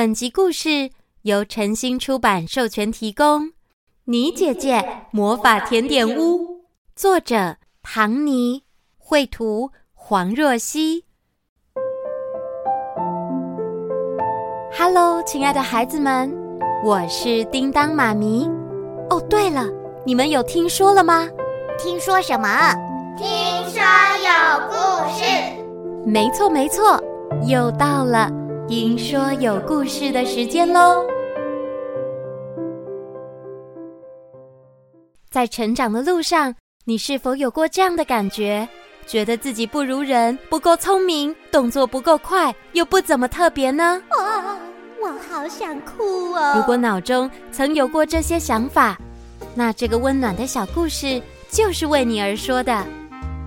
本集故事由晨星出版授權提供，《妮姐姐魔法甜點屋》作者唐妮，繪圖黃若曦。哈嘍，親愛的孩子們，我是叮噹媽咪。哦，oh，對了，你們有聽說了嗎？聽說什麼？聽說有故事。沒錯，沒錯，又到了。聽說有故事的時間嘍！在成長的路上，你是否有過這樣的感覺？覺得自己不如人，不夠聰明，動作不夠快，又不怎麼特別呢？我、Oh，我好想哭哦！如果腦中曾有過這些想法，那這個溫暖的小故事就是為你而說的。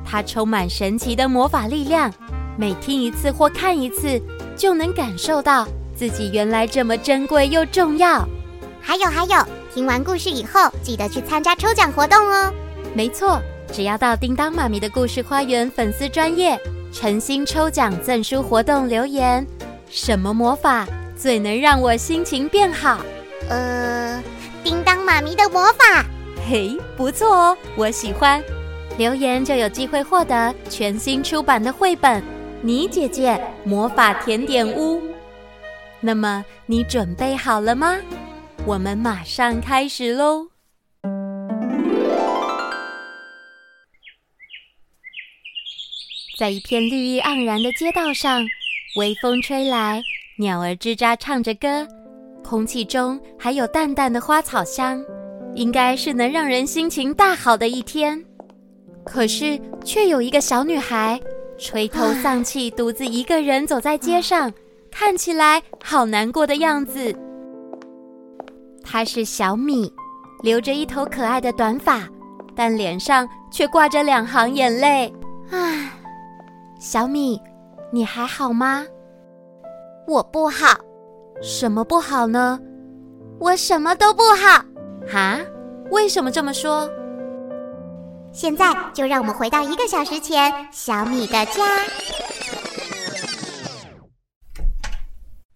它充滿神奇的魔法力量，每聽一次或看一次。就能感受到自己原來這麼珍貴又重要。還有還有，聽完故事以後，記得去參加抽獎活動哦。沒錯，只要到叮噹媽咪的故事花園粉絲專頁，晨星抽獎贈書活動留言，什麼魔法最能讓我心情變好？呃，叮噹媽咪的魔法。嘿，不錯哦，我喜歡。留言就有機會獲得全新出版的繪本。妮姊姊魔法甜點屋，那麼你準備好了嗎？我們馬上開始嘍。在一片綠意盎然的街道上，微風吹來，鳥兒吱喳唱着歌，空氣中還有淡淡的花草香，應該是能讓人心情大好的一天。可是，卻有一個小女孩。垂頭喪氣，獨自一個人走在街上，嗯，看起來好難過的樣子。他是小米，留着一頭可愛的短髮，但臉上卻掛着兩行眼淚。唉，小米，你還好嗎？我不好。什麼不好呢？我什麼都不好。啊？為什麼這麼說？現在就讓我們回到一個小時前小米的家。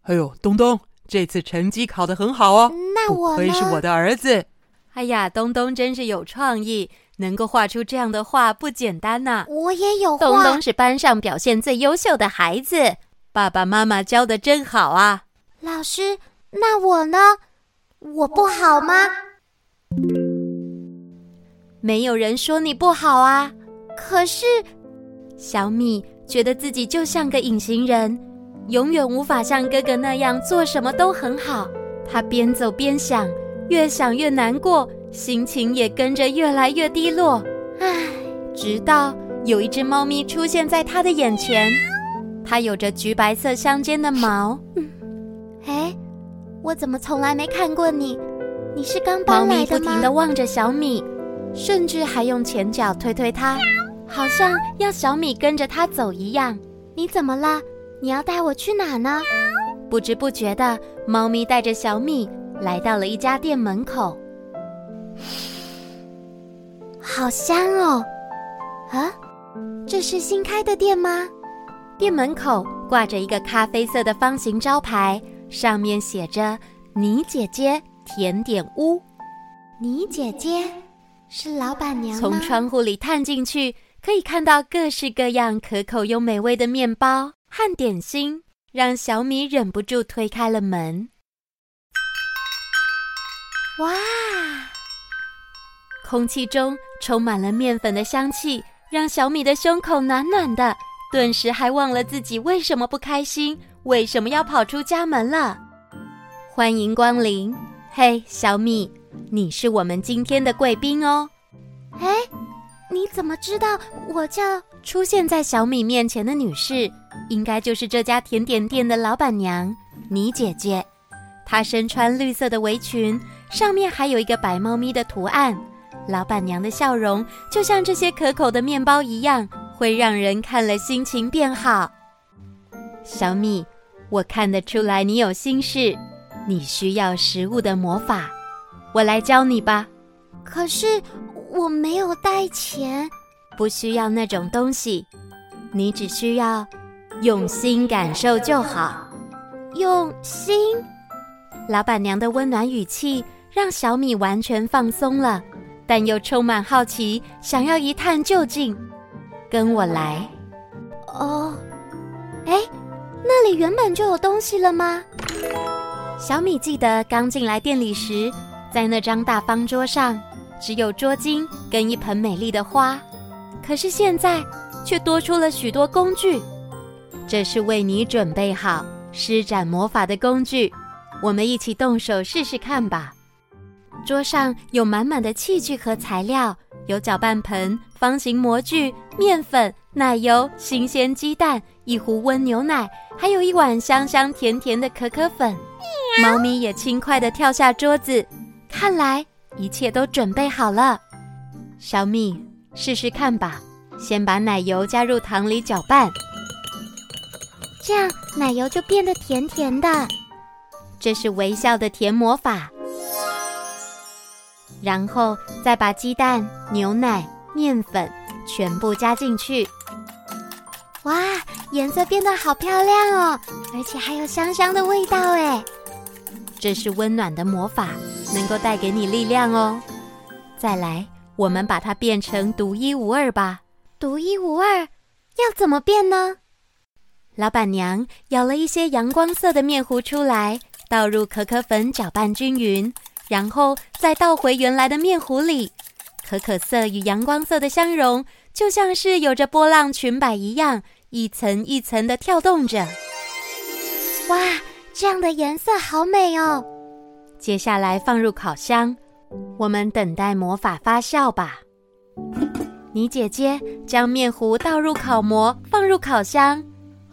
哎呦，東東，這次成績考得很好哦。啊，那我呢？不愧是我的兒子。哎呀，東東真是有創意，能夠畫出這樣的畫不簡單吶。啊。我也有畫。東東是班上表現最優秀的孩子，爸爸媽媽教的真好啊。老師，那我呢？我不好嗎？沒有人說你不好啊，可是小米覺得自己就像個隱形人，永遠無法像哥哥那樣做什麼都很好。他邊走邊想，越想越難過，心情也跟着越來越低落。唉，直到有一隻貓咪出現在他的眼前，它有着橘白色相間的毛。嗯，哎，我怎麼從來沒看過你？你是剛搬來的嗎？貓咪不停的望着小米。甚至還用前腳推推它，好像要小米跟着它走一樣。你怎麼了？你要帶我去哪呢？不知不覺的，貓咪帶着小米來到了一家店門口。好香哦！啊，這是新開的店嗎？店門口掛着一個咖啡色的方形招牌，上面寫着“妮姐姐甜點屋”。妮姐姐。是老闆娘嗎？從窗戶裡探進去，可以看到各式各樣可口又美味的麵包和點心，讓小米忍不住推開了門。哇！空氣中充滿了麵粉的香氣，讓小米的胸口暖暖的，頓時還忘了自己為什麼不開心，為什麼要跑出家門了。歡迎光臨，嘿，小米。你是我們今天的貴賓哦！哎，你怎麼知道我叫？出現在小米面前的女士，應該就是這家甜點店的老闆娘，妮姊姊。她身穿綠色的圍裙，上面還有一個白貓咪的圖案。老闆娘的笑容就像這些可口的麵包一樣，會讓人看了心情變好。小米，我看得出來你有心事，你需要食物的魔法。我來教你吧。可是我沒有帶錢。不需要那種東西，你只需要用心感受就好。用心？老板娘的溫暖語氣讓小米完全放鬆了，但又充滿好奇，想要一探究竟。跟我來。哦，欸，那裡原本就有東西了嗎？小米記得剛進來店裡時，在那張大方桌上，只有桌巾跟一盆美麗的花。可是現在，卻多出了許多工具，這是為你準備好施展魔法的工具。我們一起動手試試看吧。桌上有滿滿的器具和材料，有攪拌盆、方形模具、麵粉、奶油、新鮮雞蛋、一壺溫牛奶，還有一碗香香甜甜的可可粉。貓咪也輕快地跳下桌子。看來一切都準備好了，小米，試試看吧。先把奶油加入糖裡攪拌，這樣奶油就變得甜甜的。這是微笑的甜魔法。然後再把雞蛋、牛奶、麵粉全部加進去。哇，顏色變得好漂亮哦，而且還有香香的味道誒。這是溫暖的魔法。能夠帶給你力量哦！再來，我們把它變成獨一無二吧。獨一無二，要怎麼變呢？老闆娘舀了一些陽光色的麵糊出來，倒入可可粉攪拌均勻，然後再倒回原來的麵糊裡。可可色與陽光色的相融，就像是有着波浪裙擺一樣，一層一層的跳動着。哇，這樣的顏色好美哦！接下來放入烤箱，我們等待魔法發酵吧。妮姊姊將麵糊倒入烤模，放入烤箱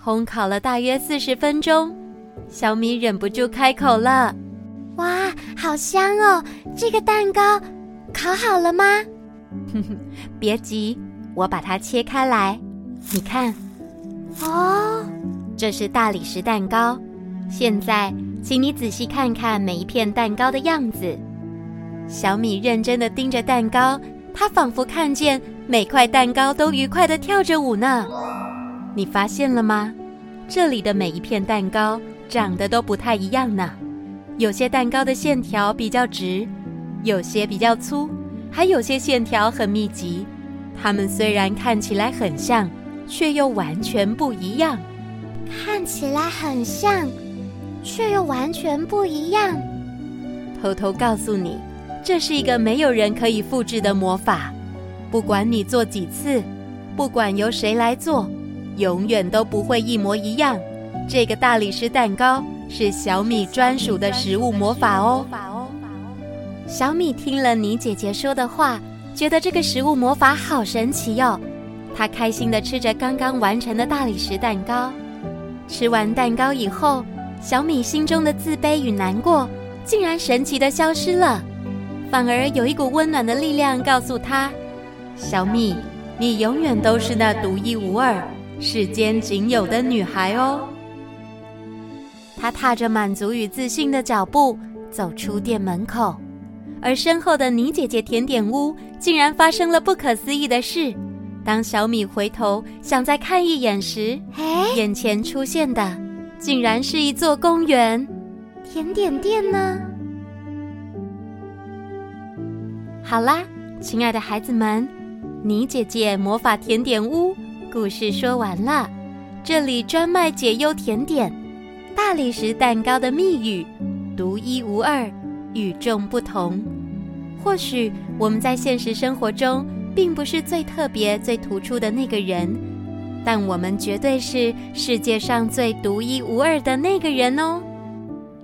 烘烤了大約四十分鐘。小米忍不住開口了：“哇，好香哦！這個蛋糕烤好了嗎？” 別急，我把它切開來，你看。哦，這是大理石蛋糕。現在。請你仔細看看每一片蛋糕的樣子。小米認真的盯着蛋糕，他仿佛看見每塊蛋糕都愉快的跳着舞呢。你發現了嗎？這裡的每一片蛋糕長得都不太一樣呢。有些蛋糕的線條比較直，有些比較粗，還有些線條很密集。它們雖然看起來很像，卻又完全不一樣。看起來很像。卻又完全不一樣。偷偷告訴你，這是一個沒有人可以複製的魔法。不管你做幾次，不管由誰來做，永遠都不會一模一樣。這個大理石蛋糕是小米專屬的食物魔法哦。小米聽了妮姊姊說的話，覺得這個食物魔法好神奇喲、哦。她開心地吃着剛剛完成的大理石蛋糕。吃完蛋糕以後。小米心中的自卑與難過，竟然神奇的消失了，反而有一股溫暖的力量告訴她：“小米，你永遠都是那獨一無二、世間僅有的女孩哦。”她踏着滿足與自信的腳步走出店門口，而身後的“妮姐姐甜點屋”竟然發生了不可思議的事。當小米回頭想再看一眼時，眼前出現的……竟然是一座公園，甜點店呢？好啦，親愛的孩子們，妮姐姐魔法甜點屋故事說完了。這裡專賣解憂甜點，大理石蛋糕的蜜語，獨一無二，與眾不同。或許我們在現實生活中，並不是最特別、最突出的那個人。但我們絕對是世界上最獨一無二的那個人哦！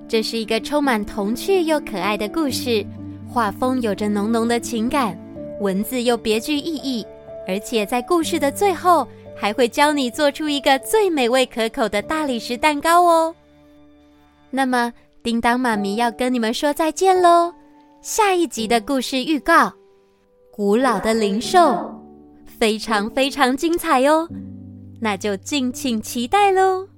這是一個充滿童趣又可愛的故事，畫風有着濃濃的情感，文字又別具意義，而且在故事的最後還會教你做出一個最美味可口的大理石蛋糕哦！那麼，叮噹媽咪要跟你們說再見嘍！下一集的故事預告：古老的靈獸，非常非常精彩哦！那就敬請期待嘍。